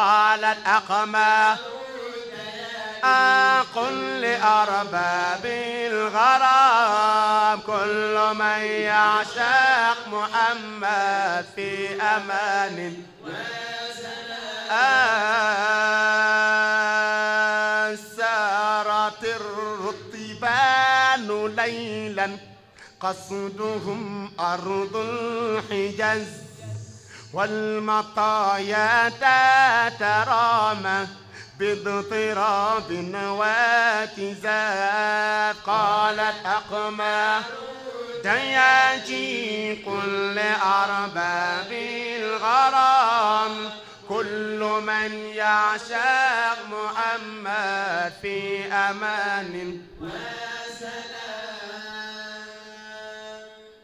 قال الأقمى أقل لأرباب الغرام كل من يعشاق محمد في أمان سارت الرطبان ليلا قصدهم أرض الحجاز والمطايا تترامى باضطراب واكتزاف قالت أقمى دياجيق لأرباب الغرام كل من يعشق محمد في أمان وسلام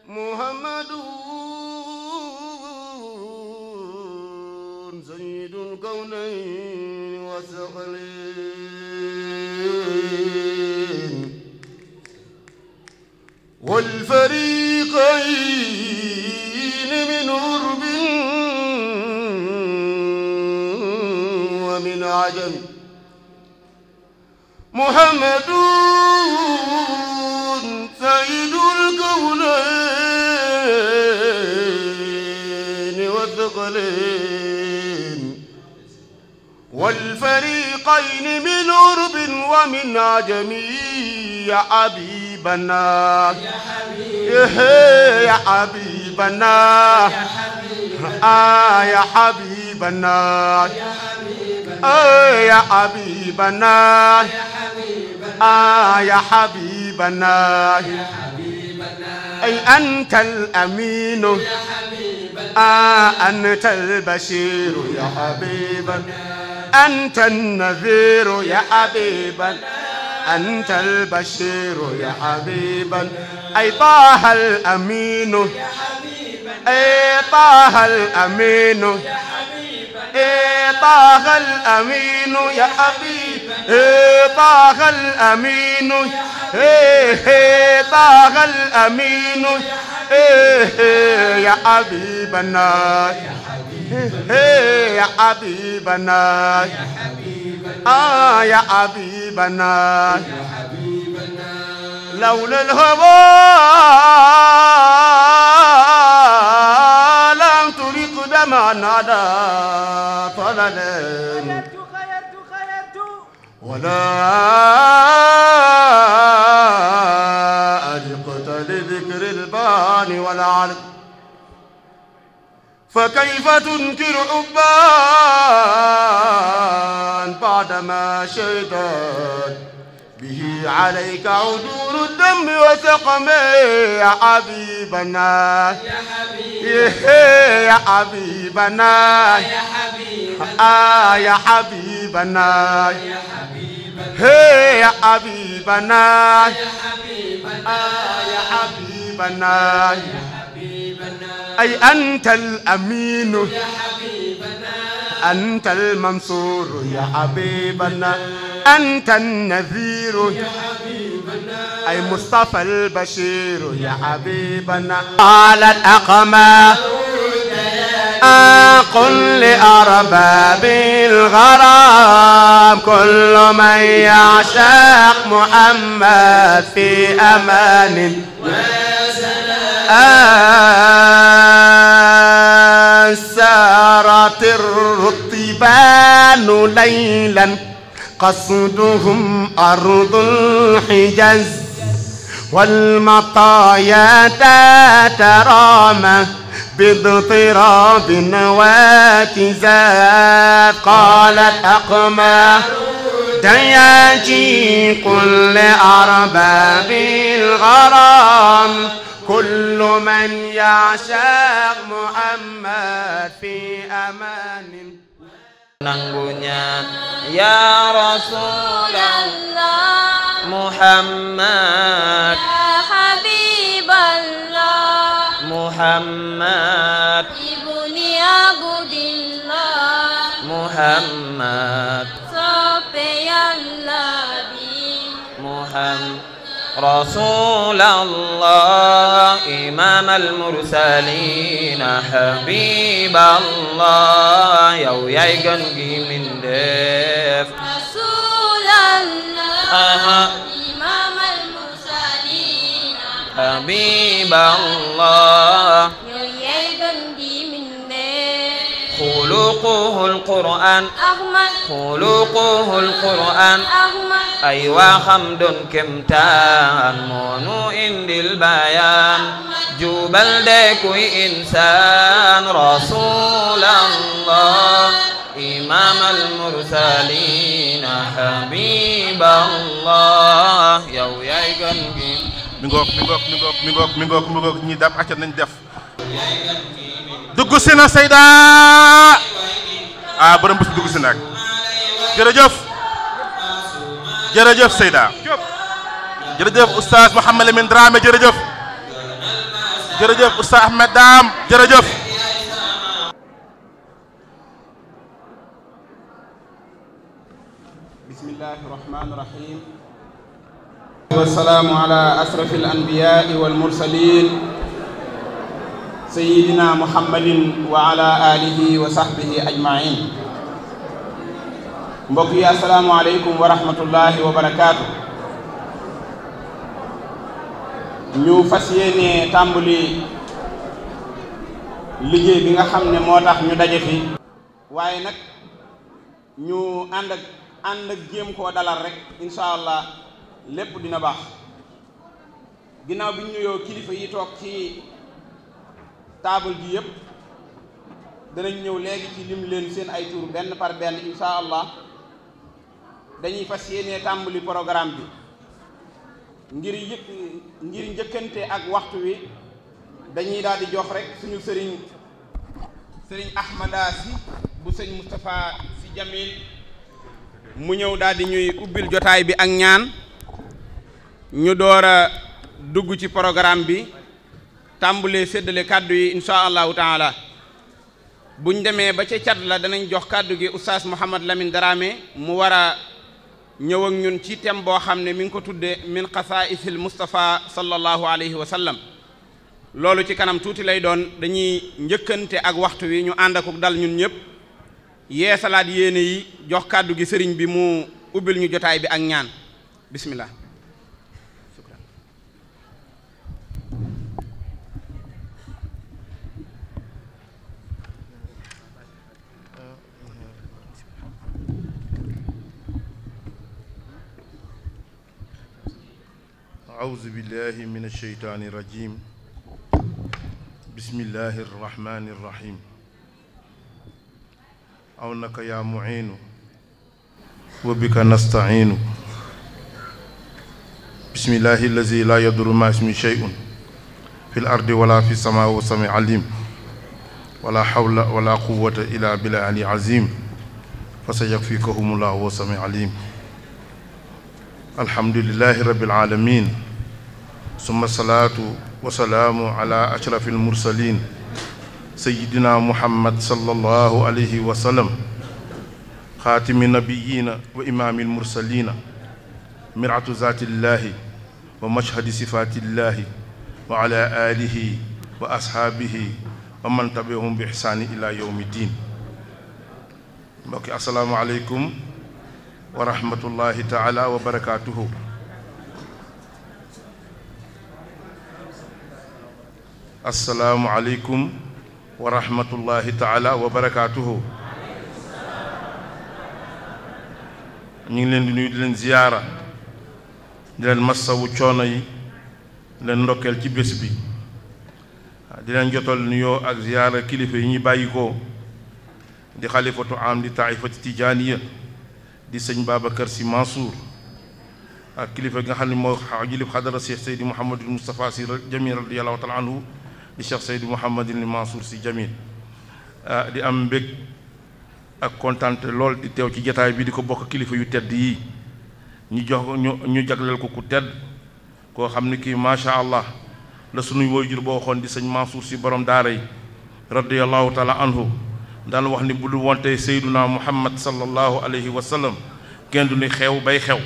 محمد ذو الكونين والثقلين والفريقين من غرب ومن عجم محمد سيد الكونين والثقلين الفريقين من عرب ومن عجم يا حبيبنا يا حبيبنا يا حبيبنا آه يا حبيبنا آه يا حبيبنا آه يا حبيبنا أي أنت الأمين يا حبيبنا آه أنت البشير يا حبيبنا أنت النذير يا حبيبا أنت البشير يا حبيبا أي طه الأمين يا حبيبا أي طه الأمين يا حبيبا طه الأمين يا حبيب طه الأمين طه الأمين يا يا حبيبنا يا حبيبنا آه يا حبيبنا لولا الهوى لم تريق دمعا على طلل ولا القرآن والعلم فكيف تنكر حبان بعدما شيطان به عليك عدول الدم وسقمي حبيبنا يا حبيبنا يا حبيبنا يا حبيبنا يا حبيبنا يا حبيبنا يا حبيبنا حبيبنا يا حبيبنا أي أنت الأمين يا حبيبنا أنت المنصور يا حبيبنا أنت النذير يا حبيبنا أي مصطفى البشير يا حبيبنا قال الأقمار قل لأرباب الغرام كل من يعشاق محمد في أمان سارت الرطبان ليلا قصدهم أرض الحجاز والمطايا تترامى اخفض طراب واكزاف قالت أقمى دياجي قل لأرباب الغرام كل من يعشق محمد في أمان nanggunya ya Rasulullah Muhammad محمد ابن عبد الله محمد صبي النبي محمد رسول الله إمام المرسلين حبيب الله yow yaay gan gi min def رسول الله حبيب الله خلقه القرآن أحمد خلقه القرآن أحمد أيوا حمد كمتان مونو إند البيان جبل دكوي إنسان رسول الله إمام المرسلين حبيب الله يو يا mi ngoog mi ngoog mi ngoog mi ngoog mi ngoog ñi dab acca nañ def dugg si na Seyda ah borom bés dugg si nag jërëjëf jërëjëf Seyda jërëjëf oustaz Mouhamed Lamine Dramé jërëjëf jërëjëf oustaz Ahmed Dam jërëjëf bismillahi rahmani rahim والسلام على أشرف الأنبياء والمرسلين سيدنا محمد وعلى آله fas tàmbali liggéey bi nga xam ne moo tax ñu daje fi waaye nag ñu ànd ak ànd ak jéem koo dalal rek incha allah lépp dina baax ginnaaw bi ñu nuyoo kilifa yi toog ci taabal ji yëpp danañ ñëw léegi ci lim leen seen ay tur benn par benn insha allah dañuy fas yéenee tàmbali programme bi ngir yëkk ngir njëkkante ak waxtu wi dañuy daldi jox rek suñu sëriñ sëriñ Ahmada si bu sëñ Moustapha si Jamil mu ñëw daal di ñuy ubbil jotaay bi ak ñaan ñu door a dugg ci programme bi tàmbulee séddale kàddu yi incha allahu taala buñ demee ba ca cat la danañ jox kàddu gi oustaz Mouhamad lamin Daraame mu war a ñëw ñun ci thème boo xam ne mi ngi ko tudde min xasaisil Moustapha sallallahu alayhi wa sallam loolu ci kanam tuuti lay doon dañuy njëkkante ak waxtu wi ñu ànd akuk dal ñun ñëpp yeesalaat yéene yi jox kàddu gi sëriñ bi mu ubbil ñu jotaay bi ak ñaan bismillah أعوذ بالله من الشيطان الرجيم بسم الله الرحمن الرحيم عونك يا معين وبك نستعين بسم الله الذي لا يضر ما اسم شيء في الأرض ولا في السماء وسمع عليم ولا حول ولا قوة إلا بالله العلي العظيم فسيكفيكهم الله وسمع عليم الحمد لله رب العالمين summa salaatu wa salaamu ala ashraf almursalin sayidina muhammad sallallahu alayhi wa sallam xaatimi nabiyina wa imaami almursalina miratu zaatillahi wa mashhadi sifaatillahi wa ala alihi wa ashaabihi wa man tabiahum bi ixsaani ila yowmi diin mbokki assalaamu aleykum wa rahmatullahi taala wa barakaatuhu asalaamualeykum wa rahmatullahi taala wa barakaatuhu ñu ngi leen di nuyu di leen ziyaara di leen massawu coono yi di leen ndokkeel ci bés bi di leen jotal nuyoo ak ziyaara kilifa yi ñu bàyyikoo di xalifatu am di taifati tijaaniya di sëñ Babacar Sy Mansour ak kilifa gi nga xam ne moo xajilib xadara Seex Seydi Mouhamadul Moustapha Sy Jamil radiyallahu taala anhu di Cheikh Seydou Mouhamadul Mansour Sy Jamil ah, di am mbég ak kontaante lool di teew ci jataay bi di ko bokk kilifa yu tedd yi ñu jox ñu ñu jagleel ko ku tedd koo xam ne kii macha allah la sunuy jur boo waxoon di sëñ Mansour si borom daara yi radiyallahu taala anhu daan wax ni bu du wante Seyduna Muhammad sallallahu alayhi wa sallam kenn du ni xew bay xew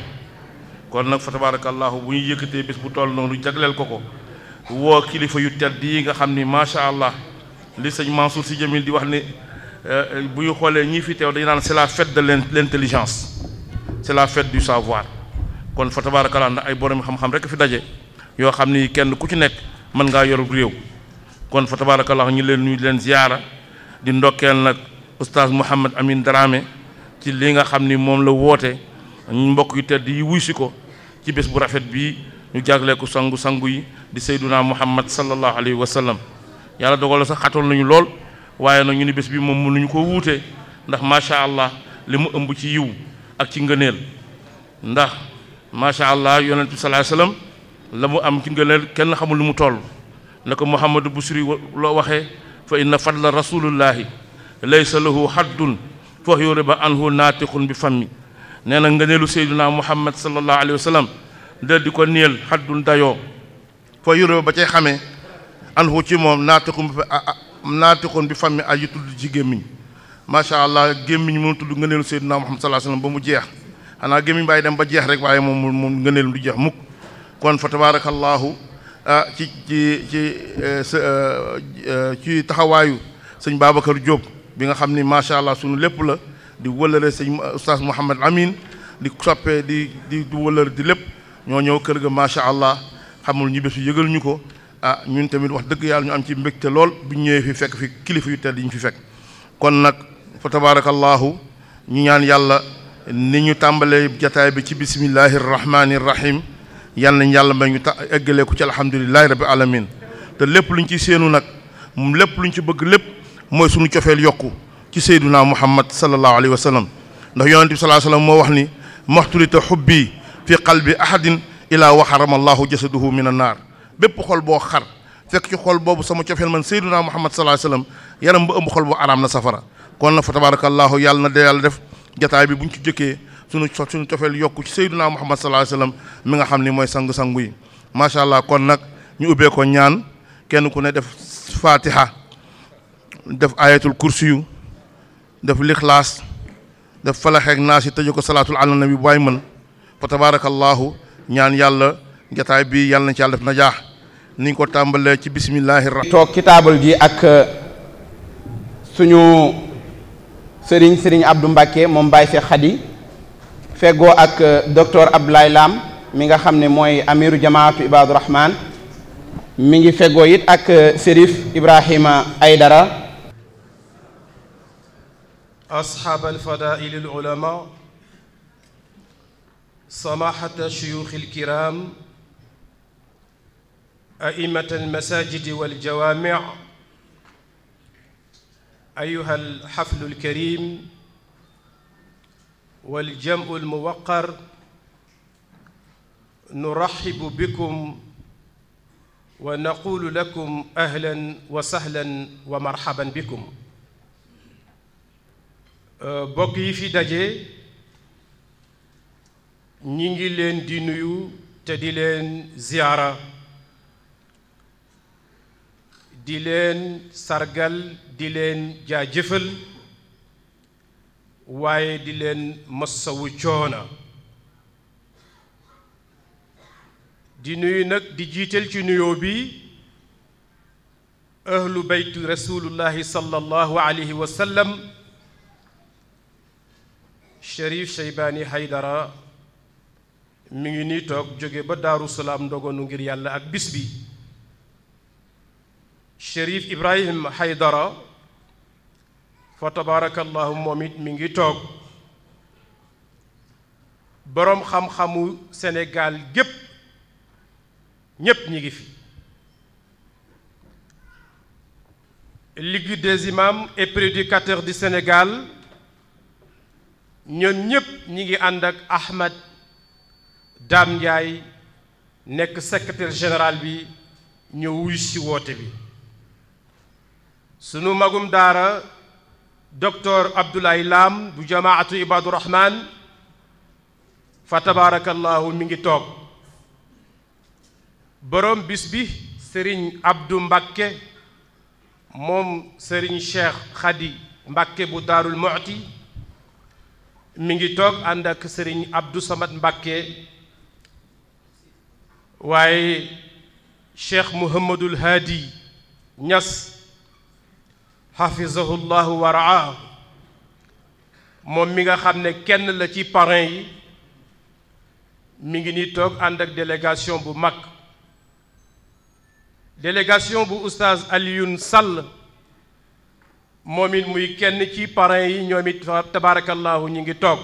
kon nag fa tabarakallahu bu ñu yëkkatee bés bu toll noonu jagleel ko ko woo kilifa yu tedd yi nga xam ni macha allah li sëñ Mansour si Djamil di wax ne euh, bu ñu xoolee ñii fi teew dañu naan c'est la fête de l'intelligence c'est la fête du savoir kon fa tabaarakallaa ndax ay borom xam-xam rek fi daje yoo xam ni kenn ku ci nekk mën ngaa yor réew kon fa tabaarakallaa ñu leen nuyu leen ziyaara di ndokkeel nag oustaz Mouhamed amin darame ci li nga xam ni moom la woote mbokk yu tedd yi wuy si ko ci bés bu rafet bii. ñu jaglee ko sangu sangu yi di sayduna muhammad sallallahu alayhi wa sallam yàlla dogal sax xatoon nañu lool waaye nag ñu ni bés bi moom mënuñu ko wuute ndax macha allah li mu ëmb ci yiw ak ci ngëneel ndax macha allah yonent bi sallallahu alayhi la mu am ci ngëneel kenn xamul lu mu toll na ko muhammadu busri loo waxee fa inna fadla rasulillahi laysa lahu haddun fa yuriba anhu naatiqun bi mi nee na ngëneelu sayduna muhammad sallallahu alayhi wa sallam del di ko néel xaddun dayoo fa yuró ba ca xamee anhu ci moom naatiqun bi naatiqun bi fammi ay yu tudd ci gémmiñ macha allah gémmiñ mu tudd ngëneelu Seydina Muhammad sallallahu alayhi wasallam ba mu jeex xanaa gémmiñ bàyyi dem ba jeex rek waaye moom moom ngëneelu du jeex mukk kon fa tabaarakallaahu ah ci ci ci e, e, e, ci taxawaayu sëñ Babacar Diop bi nga xam ni macha allah sunu lépp la di wëlëre sëñ oustaz Mouhamed Amine di soppe di di wëlër di lépp ñoo ñëw kër ga macha allah xamul ñu bésu yëgal ñu ko ah ñun tamit wax dëgg yàlla ñu am ci te lool bu ñëwee fi fekk fi kilifa yu tedd yi ñu fi fekk. kon nag fa tabaarakallaahu ñu ñaan yàlla ni ñu tàmbalee jataay bi ci bismillahi rahmaani rahim yal nañ yàlla may ñu ta eggalee ko ci alhamdulilahi rabbi alamin te lépp lu luñ ci séenu nag lépp luñ ci bëgg lépp mooy sunu cofeel yokk ci sayduna muhammad sallallahu alayhi wa sallam ndax yonent bi salaa fi qalbi ahadin ilaa wa harama allahu jasaduhu min annaar bépp xol boo xar fekk ci xol boobu sama cofeel man sayduna muhammad sallallahu alayhi wasallam yaram ba ëmb xol bu araam na safara kon na fa tabarakallahu yàlla na de yàlla def jataay bi buñ ci jëkkee suñu suñu cofeel yokku ci sayduna muhammad mi nga xam ni mooy sang-sangu yi macha allah kon nag ñu ubbee ko ñaan kenn ku ne def fatiha def ayatul kursiyu def lixlaas def falaxeeg yi tëje ko salaatul ala nabi bu waay mën fa tabaarakallaahu ñaan yàlla jataay bi yàlla na ci yàlla def najaax ni ñu ko tàmbalee ci bismillaahi rahmaan toog ci taabal ji ak uh, suñu sëriñ sëriñ Abdou Mbacke moom Baye Cheikh Khady feggoo ak uh, docteur Abdoulaye Lam mi nga xam ne mooy amiru jamaatu Ibadu Rahman mi ngi feggoo it ak uh, Serif Ibrahima Aydara ashab alfadail alulama سماحة شيوخ الكرام أئمة المساجد والجوامع أيها الحفل الكريم والجمع الموقر نرحب بكم ونقول لكم أهلا وسهلا ومرحبا بكم bokk yi fi daje ñi ngi leen di nuyu te di leen ziyaara di leen sargal di leen jaajëfal waaye di leen massawu coona di nuyu nag di jiital ci nuyoo bi ahlu beytu rasulullahi sallallahu alayhi wa sallam Cherif Cheybani Haydara mi ngi nii toog jóge ba daaru salaam ndogonu ngir yàlla ak bis bi Chérif Ibrahim Haydara fa tabarakallahu moom it mi ngi toog boroom xam-xamu Sénégal gépp ñépp ñi ngi fi Ligue des imams et prédicateurs du Sénégal ñoom ñépp ñi ngi ànd ak Ahmed Dame Ndiaye nekk secrétaire général bi ñu wuy si woote bi sunu magum daara docteur Abdoulaye Lam bu jamaatu Ibadu Rahman fa tabarakallahu mi ngi toog borom bis bi sëriñ Abdou Mbakke moom sëriñ Cheikh Khady Mbakke bu Daarul Mu'ti mu ngi toog ànd ak Serigne Abdou Samad Mbakke. waaye cheikh muhammadul haadi ñas xafizahu llahu wa raahu moom mi nga xam ne kenn la ci parrain yi mi ngi ni toog ànd ak délégation bu mag délégation bu oustaz Alioune Sall moom it muy kenn ci parrain yi ñoom it ñu ngi toog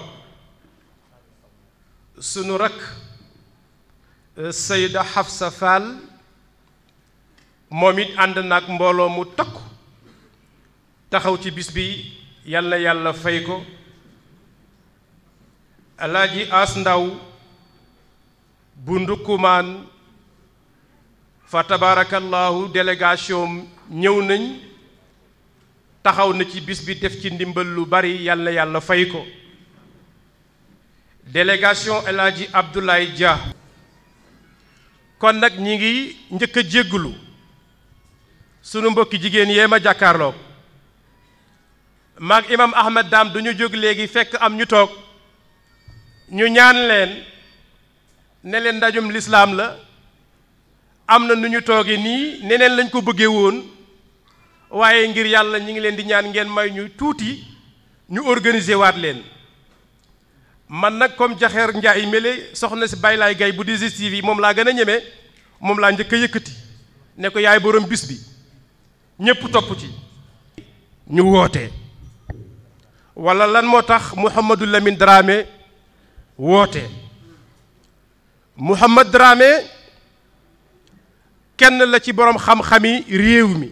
sunu rakk Euh, Seyda Hafsa Fall moom it ànd na ak mbooloo mu takku taxaw ci bis bi yàlla yàlla fay ko alaaji as ndaw bu ndukkumaan fa tabarakallahu délégation ñëw nañ taxaw na ci bis bi def ci ndimbal lu bari yàlla yàlla fay ko délégation alaaji Abdoulaye Dia kon nag ñi ngi njëkk a jéggulu sunu mbokki jigéen yee ma jàkkaarloog maag imam ahmed daam duñu jóg léegi fekk am ñu toog ñu ñaan leen ne leen ndajum lislaam la am na nu ñu tooge nii neneen lañ ko bëggee woon waaye ngir yàlla ñi ngi leen di ñaan ngeen may ñu tuuti ñu organiser waat leen man nag comme jaxeer njaay mele soxna si Baye Laay Gay bu 2STV yi moom laa gën a ñemee moom laa njëkk a yëkkati ne ko yaay boroom bis bi ñépp topp ci ñu woote wala lan moo tax Mouhamadou lamin Dramé woote Mouhamad drame kenn la ci boroom xam-xami réew mi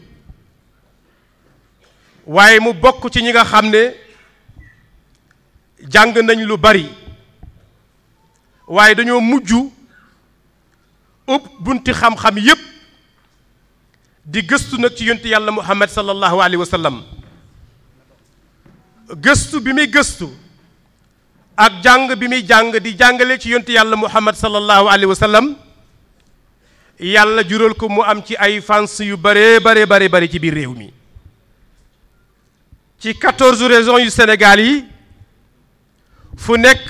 waaye mu bokk ci ñi nga xam ne jàng nañ lu bari waaye dañoo mujj ub bunti xam-xam yépp di gëstu nag ci yonent yàlla muhammad sallallahu alayhi wa gëstu bi muy gëstu ak jàng bi muy jàng di jàngale ci yonent yàlla muhammad sallallahu alayhi wa yàlla jural ko mu am ci ay fans yu bare bare bare bare ci biir réew mi ci quatorze régions yu senegal yi fu nekk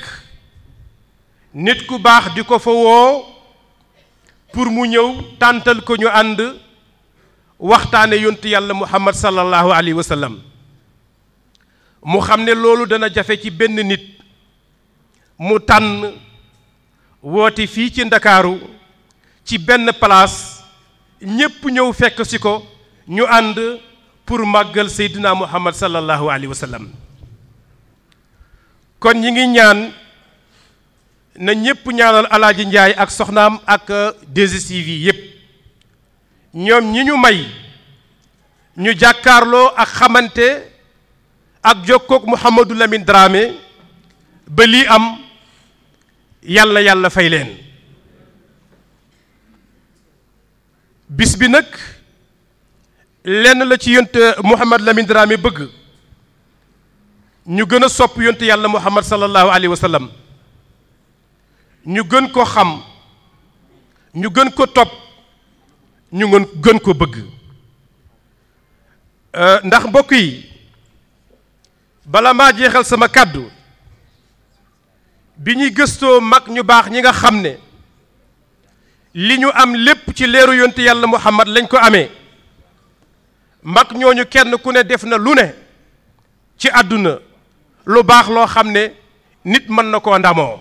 nit ku baax di ko fa woo pour mu ñëw tàntal ko ñu ànd waxtaane yontu yàlla muhammad sallallahu alayhi wa mu xam ne loolu dana jafe ci benn nit mu tànn woote fii ci ndakaaru ci benn place ñépp ñëw fekk si ko ñu ànd pour màggal seydina muhammad sallallahu alayhi wa sallam kon ñi ngi ñaan na ñépp ñaanal alaaji njaay ak soxnaam ak 2 euh, yi yépp ñoom ñi ñu may ñu jàkkaarloo ak xamante ak jokkook Mouhamadou Lamine Dramé ba lii am yàlla yàlla fay leen bis bi nag lenn la ci yont Mouhamadou Lamine Dramé bëgg ñu gën a sopp yontu yàlla muhammad sallallahu alayhi wa sallam ñu gën ko xam ñu gën ko topp ñu gën gën ko bëgg euh, ndax mbokk yi bala maa jeexal sama kàddu bi ñuy gëstoo mag ñu baax ñi nga xam ne li ñu am lépp ci leeru yontu yàlla muhammad lañ ko amee mag ñooñu kenn ku ne def na lu ne ci àdduna lu baax loo xam ne nit mën na koo ndamoo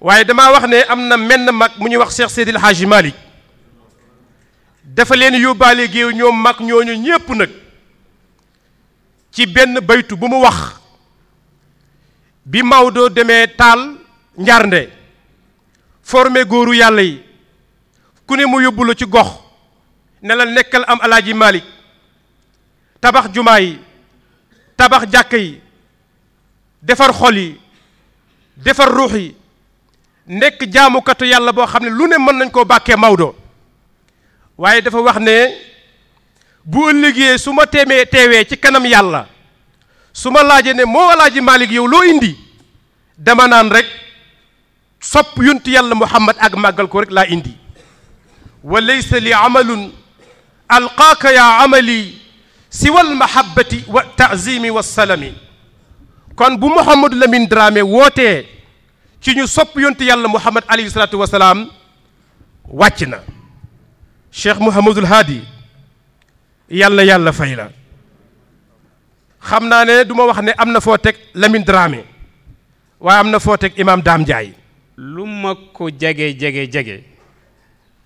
waaye dama wax ne am na menn mag mu ñuy wax seex Seydil Hadji Malick dafa leen yóbbaale géew ñoom mag ñooñu ñépp nag ci benn baytu bu mu wax bi Maodo demee taal njarnde forme góoru yàlla yi ku ne mu yóbbu la ci gox ne la nekkal am alaaji Malick tabax jumaa yi tabax jàkka yi defar xol yi defar ruux yi nekk jaamukatu yàlla boo xam ne lu ne mën nañ koo bàkkee Maodo waaye dafa wax ne bu ëllëgee su ma teemee teewee ci kanam yàlla su ma laajee ne moo alaaji Malick yow loo indi dama naan rek sopp yuntu yàlla Muhammad ak màggal ko rek laa indi wa laysa li amalun alqaaka yaa amali siwal mahabbati wa taazimi wa salami kon bu Mouhamadou Lamine Dramé wootee ci ñu sopp yonte yàlla Muhammad alayhi salaatu salaam wàcc na Cheikh Mouhamadul Hadi yàlla yàlla fay la xam naa ne duma wax ne am na foo teg Lamine Dramé waaye am na foo teg imaam Daam Njaay lu ma ko jege jege jege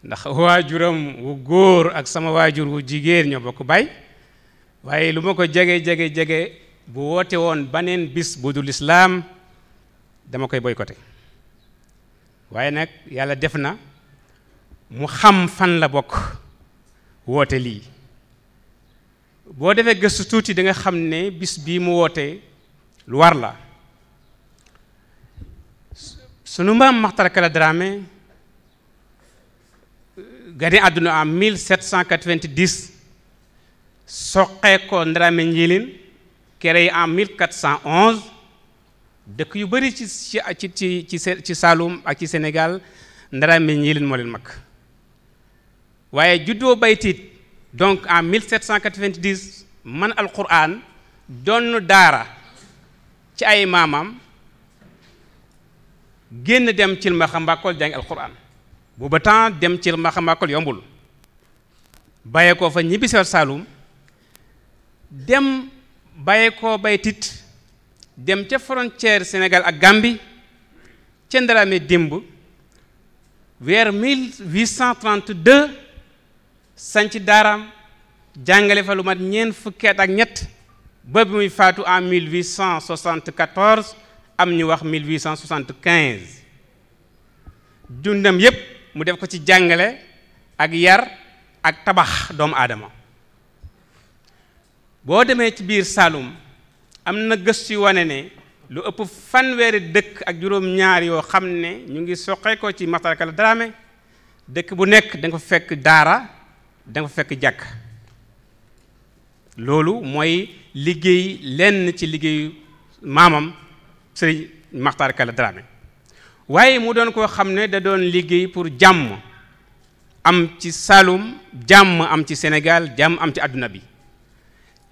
ndax waajuram wu góor ak sama waajur wu jigéen ñoo bokk baay waaye lu ma ko jege jege jege bu woote woon baneen bis bu dul islaam dama koy boycotté waaye nag yàlla def na mu xam fan la bokk woote lii boo defee gëstu tuuti danga xam ne bis bii mu woote lu war la sunu maam Maxtar Kala Dramé gane àdduna en soqeekoo Ndramé Njilin créé en 1411 dëkk yu bëri ci ci ci ci ci Saloum ak ci Sénégal Ndramé Njilin moo leen mag waaye juddoo baytiit donc en 1790 man alquran donn daara ci ay maamam génn dem cil ma xambaakool jàngi alquran booba temps dem cil ma xambaakool yombul bàyyee fa ñibbi sewer Saloum dem bàyyi koo baytit dem ca frontière Sénégal ak gàmbi ca Ndaraame démb vers 1832 sanc daaraam jàngale fa lu mat ñeent fukki ak ñett ba bi muy faatu en 1874 am ñu wax 1875 dundam yépp mu def ko ci jàngale ak yar ak tabax doomu aadama boo demee ci biir Saalum am na gëstu yu wane ne lu ëpp fanweeri dëkk ak juróom-ñaar yoo xam ne ñu ngi soqee ko ci Maxtaar Kala Daraame dëkk bu nekk da fa fekk daara danga fa fekk jàkk loolu mooy liggéey lenn ci liggéeyu maamam sëriñ Maxtaar Kala Daraame waaye mu doon koo xam ne da doon liggéey pour jàmm am ci Saalum jàmm am ci Sénégal jàmm am ci àdduna bi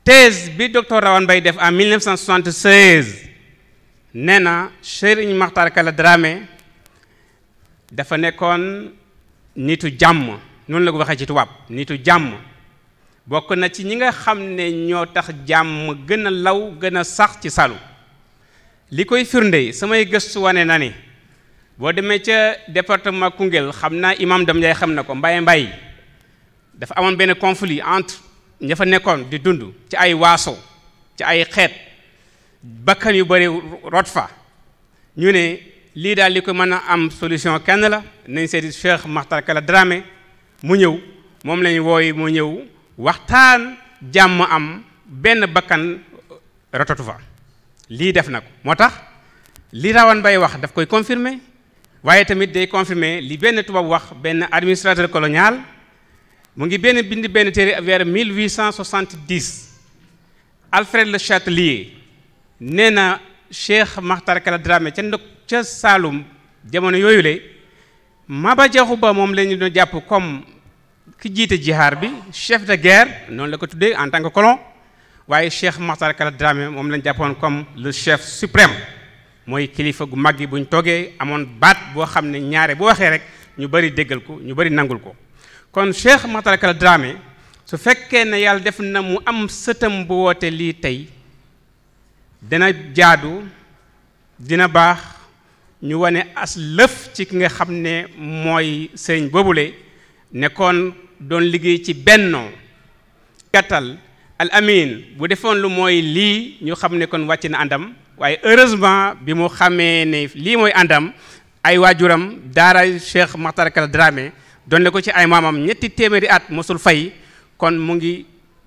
thèse bi docteur Rawane Baye def en 1976 nee na Serigne Makhtar Kala dafa nekkoon nitu jàmm noonu la ko waxee ci tubaab nitu jàmm bokk na ci ñi nga xam ne ñoo tax jàmm gën a law gën a sax ci salu li koy firnde samay gëstu wane na ni boo demee ca département Koungheul xam naa imam dam Ndiaye xam ne ko Mbaye Mbaye dafa amoon benn conflit entre ña fa nekkoon di dund ci ay waaso ci ay xeet bakkan yu bari rot fa ñu ne lii daal li ko mën a am solution kenn la nañ seeti Cheikh Makhtar Kala Dramé mu ñëw moom lañuy wooy mu ñëw waxtaan jàmm am benn bakkan rotatu fa lii def na ko moo tax li rawan bay wax daf koy confirmer waaye tamit day confirmer li benn tubaab wax benn administrateur colonial mu ngi benn bind benn téere vers 1870 Alfred Le Châtelier nee na Cheikh Makhtar Kala Dramé ca ndog ca Saalum jamono yooyu le Maba Diakhou Ba moom la ñu doon jàpp comme ki jiite jihaar bi chef de guerre noonu la ko tuddee en tant que colon waaye Cheikh Makhtar Kala Dramé moom lañ jàppoon comme le chef suprême mooy kilifa gu mag yi buñ ñu toogee amoon baat boo xam ne ñaare boo waxee rek ñu bari déggal ko ñu bari nangul ko kon Cheikh Makhtar Kala su fekkee ne yàlla def na mu am sëtam bu woote lii tey dana jaadu dina baax ñu wane as lëf ci ki nga xam ne mooy sëñ boobule nekkoon doon liggéey ci bennoo gàttal al amin bu defoon lu mooy lii ñu xam ne kon wàcc na àndam waaye heureusement bi mu xamee ne lii mooy àndam ay waajuram daara Cheikh Makhtar Kala donle ko ci ay maamam ñetti téeméeri at mosul fay kon mu ngi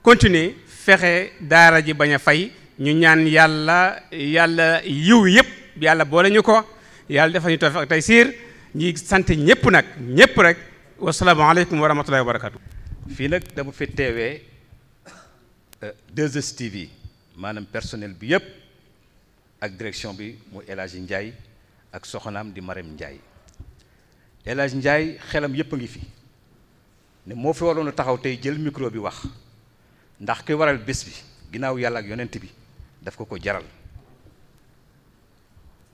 continue fexe daara ji bañ a fay ñu ñaan yàlla yàlla yiw yëpp yàlla boole ñu ko yàlla dafa ñu toofe tey siir ñi sant ñëpp nag ñëpp rek wasalaamaaleykum wa rahmatullahi wa barakatu fii nag dama fi teewee 2STV euh, maanaam personnel bi yëpp ak direction bi mu El Hadji Ndiaye ak soxnaam di Marème Ndiaye El njaay xelam yépp a ngi fi ne moo fi waroon taxaw tey jël mikro bi wax ndax ki waral bés bi ginnaaw yàlla ak yonent bi daf ko ko jaral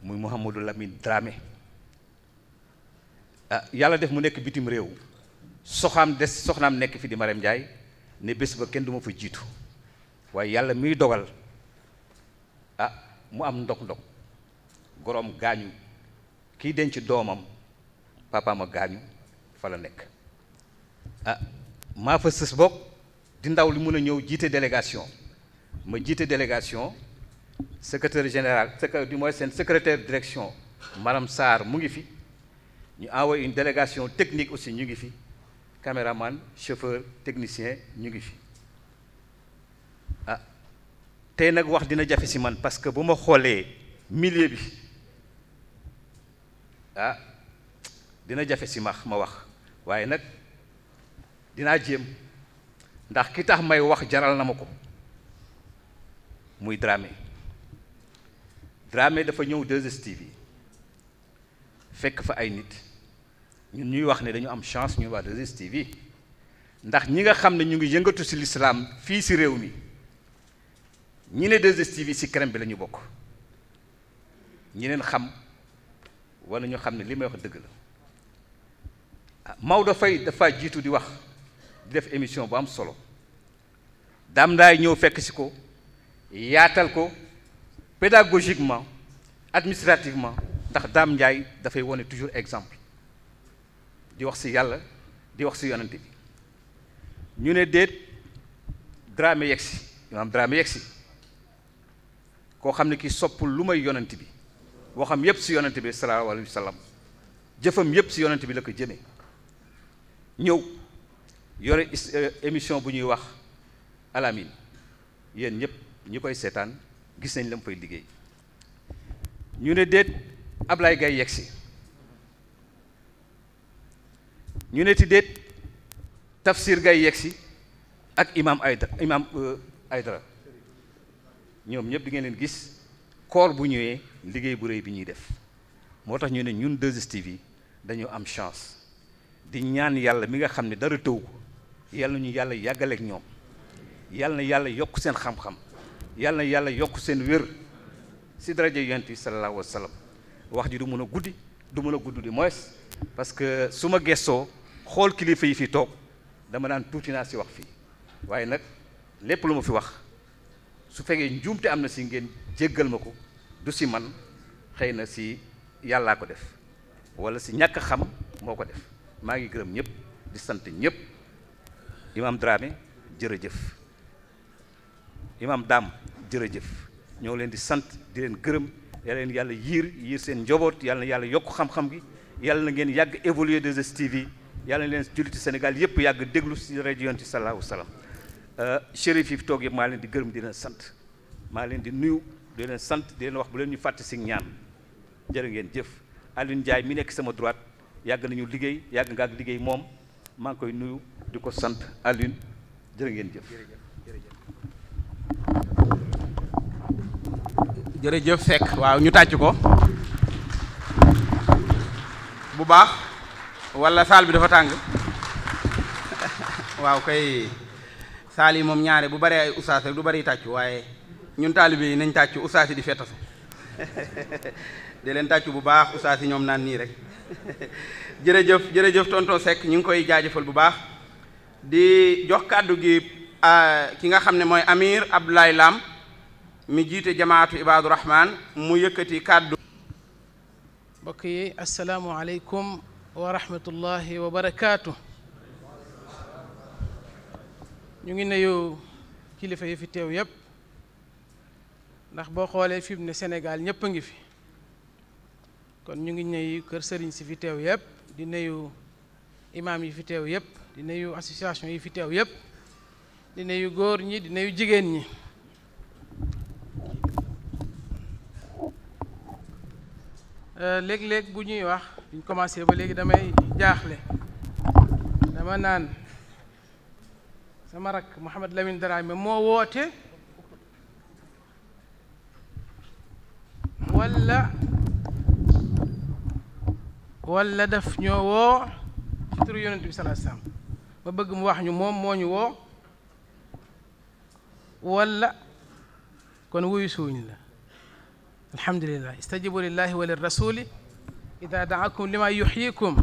muy Mouhamadou Lamine Dramé ah yàlla def mu nekk bitim réew soxaam des soxnaam nekk fi di Marème Ndiaye ne bés ba kenn duma ma fa jiitu waaye yàlla miy dogal ah mu am ndog-ndog goroom gaañu kiy denc doomam papa ma gaañu fa la nekk ah maa fa sës bokk di ndaw li mun a ñëw jiite délégation ma jiite délégation secretaire général di mooy seen secrétaire direction madame Sarr mu ngi fi ñu envoyé une délégation technique aussi ñu ngi fi caméraman chauffeur technicien ñu ngi fi ah tey nag wax dina jafe si man parce que bu ma xoolee millier bi ah dina jafe si max ma wax waaye nag dinaa jéem ndax ki tax may wax jaral na ma ko muy Dramé Dramé dafa ñëw 2STV yi fekk fa ay nit ñun ñuy wax ne dañu am chance ñuy wax 2STV yi ndax ñi nga xam ne ñu ngi yëngatu si lislaam fii si réew mi ñi ne 2STV yi si crème bi la bokk ñi leen xam walla ñu xam ne li may wax dëgg la Maodo Faye dafa jiitu di wax di def émission bu am solo Dame Ndaye ñëw fekk si ko yaatal ko pédagogiquement administrativement ndax Dame Ndiaye dafay wone toujours exemple di wax si yàlla di wax si yonante bi ñu ne déet Dramé yegg si imaam Dramé yegg si koo xam ne ki soppul lu may yonante bi waxam yépp si yonante bi sallallahu alayhi wa sallam jëfam yépp si yonante bi la ko jëmee ñëw yore euh, émission bu ñuy wax alamine yéen ñëpp ñi koy seetaan gis nañ la mu fay liggéey ñu ne déet Ablaye Gaye yegsi ñu ne ti déet Tafsir Gaye yegsi ak imam Aydara imam euh, Aydara ñoom ñëpp di ngeen leen gis koor bu ñëwee liggéey bu rëy bi ñuy def moo tax ñu ne ñun 2STV yi dañoo am chance di ñaan yàlla mi nga xam ne dara tëw ko yàlla ñu yàlla yàggaleek ñoom yàlla na yàlla yokk seen xam yàlla na yàlla yokk seen wér si daraja yonent bi salallaahu wa sallam wax ji du mën a guddi du mën a gudd di moins parce que su ma gestoo xool kilifa yi fi toog dama naan tuuti naa si wax fii waaye nag lépp lu ma fi wax su fekkee njuumte am na si ngeen jéggal ma ko du si man xëy na si yàllaa ko def walla si ñàkk xam moo ko def maa ngi gërëm ñëpp di sant ñëpp imaam Dramé jërëjëf imaam Dam jërëjëf ñoo leen di sant di leen gërëm yàlla leen yàlla yiir yiir seen njaboot yàlla na yàlla yokk xam-xam gi yàlla na ngeen yàgg évoluer 2STV yàlla na leen julliti Sénégal yëpp yàgg déglu si rajo yoon ci salaahu salaam chérif euh, yi fi toog yëpp maa leen di gërëm di leen sant maa leen di nuyu di leen sant di leen wax bu leen ñu fàtte si ñaan jërë ngeen jëf Alioune Ndiaye mi nekk sama droite yàgg nañu liggéey yàgg nga liggéey moom maa ngi koy nuyu di ko sant Alioune jërë ngeen jëf. jërëjëf Seck waaw ñu tàcc ko bu baax walla saal bi dafa tàng waaw kay saal yi moom ñaare bu bare ay ustaas rek du bari tàccu waaye ñun taalibe yi nañ tàccu ustaas yi di fettasu de leen tàccu bu baax ustaas yi ñoom naan nii rek jërëjëf jërëjëf tonton Seck ñu ngi koy jaajëfal bu baax di jox kàddu gi ki nga xam ne mooy Amir Abdoulaye Lam mu jiite jamaatu Ibaadu Rahman mu yëkkati kàddu mbokk yi asalaamualeykum wa rahmatullahi wa ñu ngi nuyu kilifa yi fi teew yépp ndax boo xoolee fi mu ne Sénégal ñépp a ngi fi kon ñu ngi nuyu kër sëriñ si fi teew yëpp di nuyu imaam yi fi teew yépp di nuyu association yi fi teew yëpp di nuyu góor ñi di nuyu jigéen ñi euh, léeg-léeg bu ñuy wax buñ commencé ba léegi damay jaaxle dama naan sama rakk Mouhamed Lamine Dramé moo woote walla wala daf ñoo woo ci turu yonent bi sallallahu alayhi wasallam ma bëgg mu wax ñu moom moo ñu woo wala kon wuyu suuñ la alhamdulillah istajibu lillahi wa lirrasuli ida daakum lima yuxyikum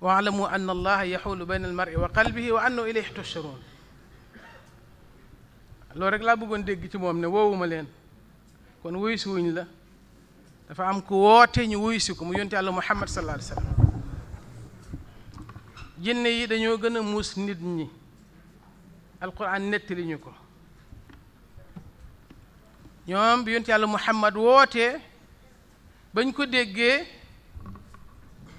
waalamu an allaha yaxulu bayn almari wa qalbihi wa annahu ilayhi tusharun loolu rek laa bëggoon dégg ci moom ne woowuma leen kon wuyu suuñ la dafa am ko woote ñu wuyu si ko mu yonte yàlla muhammad sallallahu alayhi jinne yi dañoo gën a muus nit ñi alquran nettali ñu ko ñoom bi yonte yàlla muhammad wootee bañ ko déggee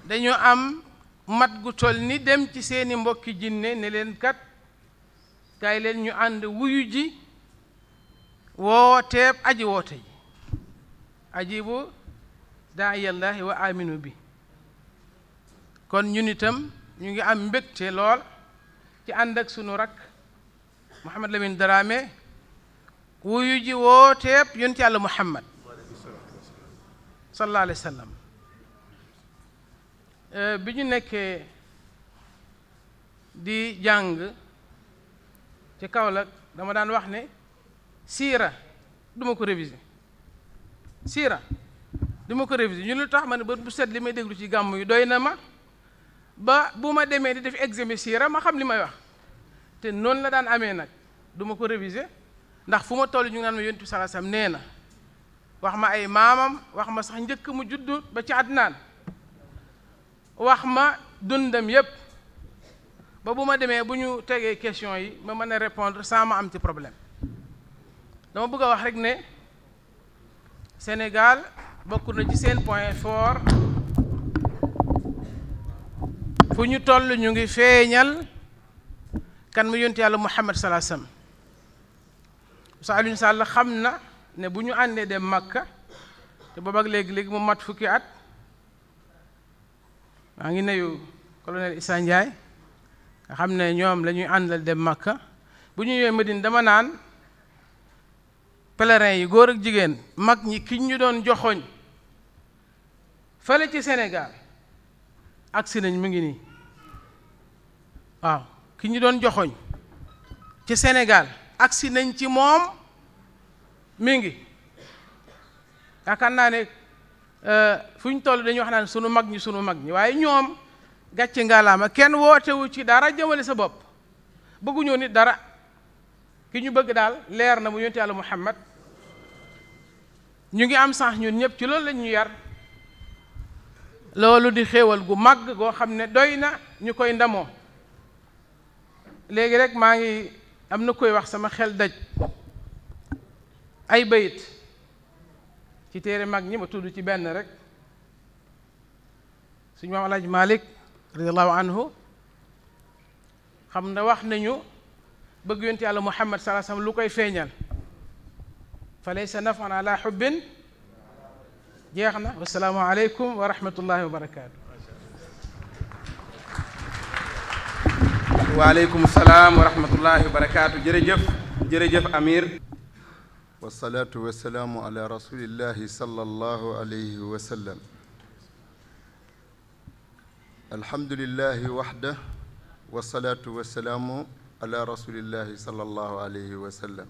dañoo am mat gu toll ni dem ci seeni mbokki jinne ne leen kat kaay leen ñu ànd wuyu ji wooteeb aji woote ji ajibu daayallaahi wa aminu bi kon ñun itam ñu ngi am mbégte lool ci ànd sunu rakk Mouhamed Lamine Dramé wuyu ji wooteeb yonent yàlla Mouhamed sallallahu alayhi wa sallam euh, bi ñu nekkee di jàng ci Kaolack dama daan wax ne siira duma ko réviser siira du ma ko réviser ñu lu tax ma ne ba bu set li may déglu ci gàmm yi doy na ma ba bu ma demee di def examen rek ma xam li may wax te noonu la daan amee nag duma ko réviser ndax fu ma toll ñu ngi naan ma yonent bi sallallahu nee na wax ma ay maamam wax ma sax njëkk mu juddu ba ci Adnaan wax ma dundam yépp ba bu ma demee bu ñu tegee question yi ma mën a répondre sans ma am ci problème dama bëgg a wax rek ne Sénégal bokk na ci seen point fort fu ñu toll ñu ngi feeñal kan mu yonent yàlla Muhammad salaa sallam sa Alioune Sall xam na ne bu ñu àndee dem Makka te boobu ak léegi-léegi mu mat fukki at maa ngi nuyu colonel Issa nga xam ne ñoom la ñuy àndal dem Makka bu ñu ñëwee Medine dama naan pèlerin yi góor ak jigéen mag ñi ki ñu doon joxoñ fële ci Sénégal agsi nañ mu ngi nii waaw ki ñu doon joxoñ ci Sénégal agsi nañ ci moom mi ngi yaakaar naa ne euh, fu ñu toll dañuy wax naan sunu mag ñi sunu mag ñi waaye ñoom gàcc gàcce ma kenn wootewu ci dara jëmale sa bopp bëgguñoo nit dara ki ñu bëgg daal leer na mu yonte yàlla Muhammad ñu ngi am sax ñun ñëpp ci loolu lañ ñu yar loolu di xéewal gu màgg goo xam ne doy na ñu koy ndamoo léegi rek maa ngi am na koy wax sama xel daj ay bayit ci téere mag ñi ma tudd ci benn rek suñu maam alaaj malik radiallahu anhu xam ne wax nañu bëgg yonent yàlla muhammad salaa sallam lu koy feeñal fa laysa nafan ala xubbin jeex na wasalaamaaleykum wa rahmatullahi wa barakaatu. waaleykum salaam wa rahmatullahi wa barakaatu jërëjëf jërëjëf Amir. wasalaatu wasalaamu ala rasulillahi sallallahu alayhi wa sallam. alhamdulillahi waxda wasalaatu wasalaamu ala rasulillahi sallallahu alayhi wa sallam.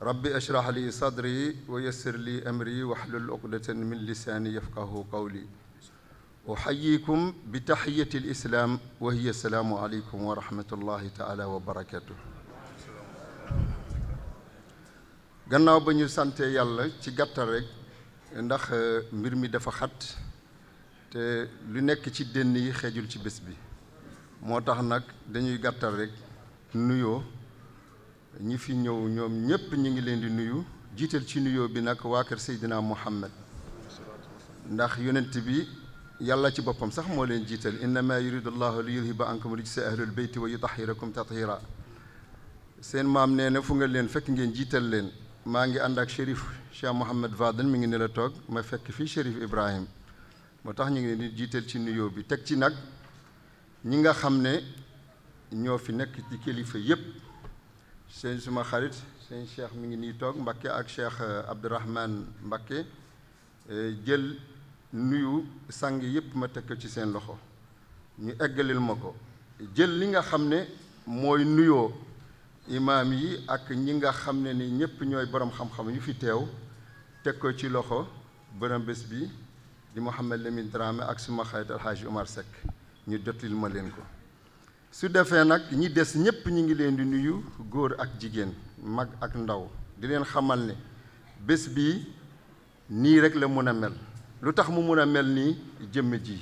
rabbi ashrah li sadri wa yassir li amri wahlul uqdatan min lisaani yafqahu qawli uxayikum bi taxiyati lislaam wa hiya assalaamu aleykum wa rahmatullahi taala wa barakatuh gannaaw ba ñu sante yàlla ci gàttal rek ndax eh, mbir mi dafa xat te lu nekk ci dënn yi xeejul ci bés bi moo tax nag dañuy gàttal rekk nuyoo ñi fi ñëw ñoom ñépp ñu ngi leen di nuyu jiital ci nuyoo bi nag waa kër Seydina Muhammad ndax yonent bi yàlla ci boppam sax moo leen jiital innama yuridu llahu li yudhiba ankum rijsa ahlul beyti wa yutahhirakum tathira seen maam nee na fu nga leen fekk ngeen jiital leen maa ngi ànd ak shérif Cheikh Mouhamed Vadel mi ngi ne toog ma fekk fii shérif Ibrahim moo tax ñu ngi leen jiital ci nuyoo bi teg ci nag ñi nga xam ne ñoo fi nekk ci kilifa yépp sëñ suma xarit sëñ Cheikh mi ngi nii toog Mbakke ak Cheikh euh, Abdourahman Mbakke euh, jël nuyu sang yëpp ma teg ko ci seen loxo ñu eggalil ma ko jël li nga xam ne mooy nuyoo imaam yi ak ñi nga xam ne ni ñëpp ñooy borom xam-xam yu fi teew teg ko ci loxo borom bés bi di Mouhamed Lamine Dramé ak suma xarit Alhaji Omar Seck ñu jotil ma leen ko su defee nag ñi des ñépp ñu ngi leen di nuyu góor ak jigéen mag ak ndaw di leen xamal ne bés bii nii rek la mun a mel lu tax mu mun a mel nii jëmm ji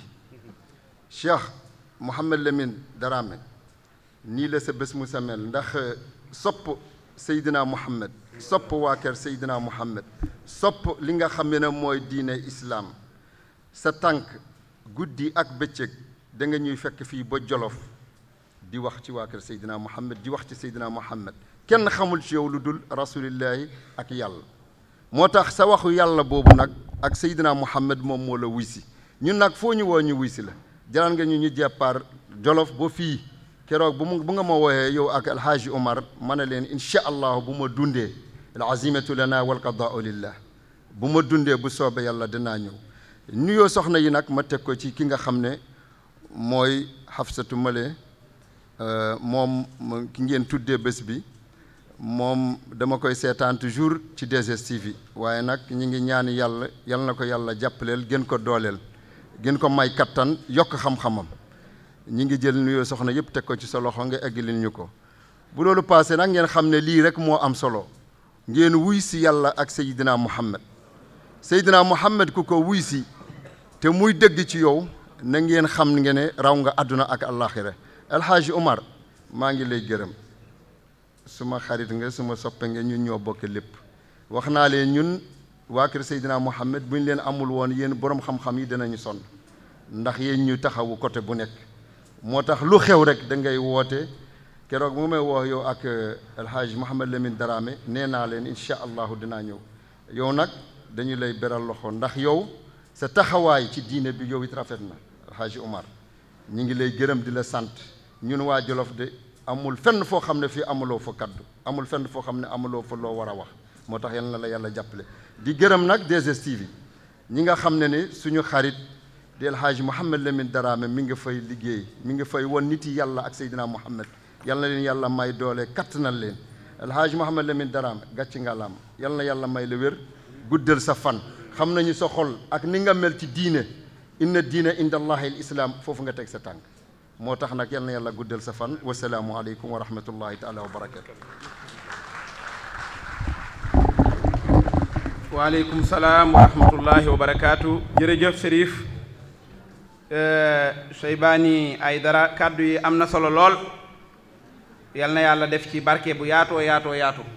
Cheikh Mouhamed Lamine Darame nii la sa bés mu sa mel ndax euh, sopp Seydina Mouhamed sopp waa kër Seydina Mouhamed sopp li nga xam ne mooy diine islaam sa tànk guddi ak bëccëg danga ñuy fekk fii ba Jolof di wax ci waa kër Seydina Muhammad di wax ci Seydina Muhammad kenn xamul ci yow lu dul rasulillahi ak yàlla moo tax sa waxu yàlla boobu nag ak Seydina Muhammad moom moo la wuy si ñun nag foo ñu woo ñu wuy si la jalaan nga ñu ñu jàppaar jolof boo fii keroog bu mu bu nga ma wooyee yow ak alhaaji Omar ma ne leen incha allah bu ma dundee al azimatu lana wal qadaau lillah bu ma dundee bu soobee yàlla dinaa ñëw nuyoo soxna yi nag ma teg ko ci ki nga xam ne mooy Hafsatu Male Euh, moom ki ngeen tuddee bés bi moom dama koy seetaan toujours ci 2STV waaye nag ñi ngi ñaan yàlla yal na ko yàlla jàppaleel gën ko dooleel gën ko may kattan yokk xam-xamam ñi ngi jël nuyoo soxna yëpp teg ko ci sa loxo nga eggalil ñu ko bu loolu paasee nag ngeen xam ne lii rek moo am solo ngeen wuy si yàlla ak Seydina Muhammad Seydina Muhammad ku ko wuy si te muy dëgg ci yow na ngeen xam ngeen ne raw nga àdduna ak àllaaxira Alxaaji Umar maa ngi lay gërëm suma xarit nga suma soppee nga ñun ñoo bokk lépp wax naa leen ñun waa kër Seydina Muhammad bu ñu leen amul woon yéen borom xam-xam yi dinañu sonn ndax yéen ñu taxawu côté bu nekk moo tax lu xew rek dangay woote keroog mu may woo yow ak eh, alxaaji Mouhamed Lamine Darame nee naa leen incha allahu dinaa ñëw yow nag dañu lay beral loxo ndax yow sa taxawaay ci diine bi yow it rafet na alxaaji Omar ñu ngi lay gërëm di la sant ñun waa Jolof de amul fenn foo xam ne fii amuloo fa kaddu amul fenn foo xam ne amuloo fa loo war a wax moo tax yal na la yàlla jàppale di gërëm nag 2STV ñi nga xam ne ni suñu xarit di El Hadj Mouhamed Lamine Darame mi ngi fay liggéey mi ngi fay won nit yi yàlla ak Seydina Mouhamed yal na leen yàlla may doole kattanal leen El Hadj Mouhamed Lamine Darame gàcc nga laam yal na yàlla may la wér guddal sa fan xam nañu sa xol ak ni nga mel ci diine inna diine inda allahi al islam foofu nga teg sa tànk moo tax nag yal na guddel guddal sa fan wasalaamu aleykum wa rahmatullahi taala wa barakatu waaleykum salaam wa rahmatullahi wa barakaatu jërëjëf Chérif Cheybani eh, Aydara kàddu yi am na solo lool yal na yàlla def ci barke bu yaatoo yaatoo yaatu